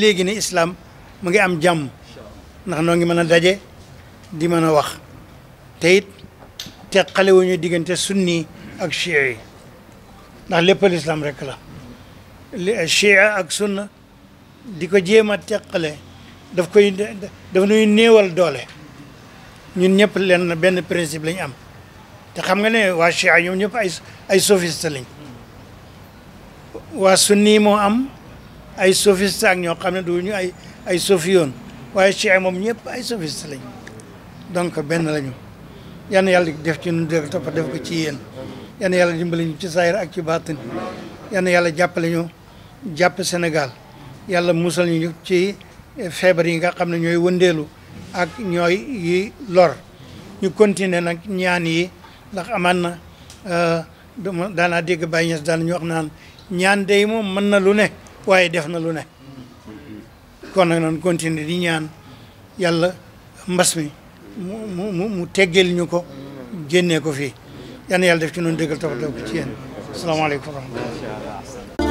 léegi ne islaam mu ngi am jàmm ndax noo ngi mën a daje di mën a wax te it teqale wuñu diggante sunni ak chia yi ndax lépp lislaam rek la chia ak sunna di ko jéem a teqale daf koy daf nuy néewal doole ñun ñëpp leen benn principe lañu am te xam nga ne waa chia ñoom ñëpp ay ay sophiste lañ waa sunni moo am ay sophiste ak ñoo xam ne du ñu ay ay sophiyoon waaye Cheikh moom ñëpp ay sophiste lañu donc benn lañu yan yàlla def ci ñun def toppa def ko ci yéen yan yàlla dimbali ñu ci saayir ak ci baatin yan yàlla jàppale ñu jàpp senegal yàlla musal ñu ci feebar yi nga xam ne ñooy wëndeelu ak ñooy yi lor ñu continuer nag ñaan yi ndax amaan na euh, daanaa dégg Baye Niass ñu wax naan ñaan day moom mën na lu ne waaye def na lu ne kon nag noonu continuer di ñaan yàlla mbas mi mu mu mu ñu ko génnee ko fii yan yàlla def ci noonu dëggal taw taw ci yéen asalaamaaleykum wa rahmatulah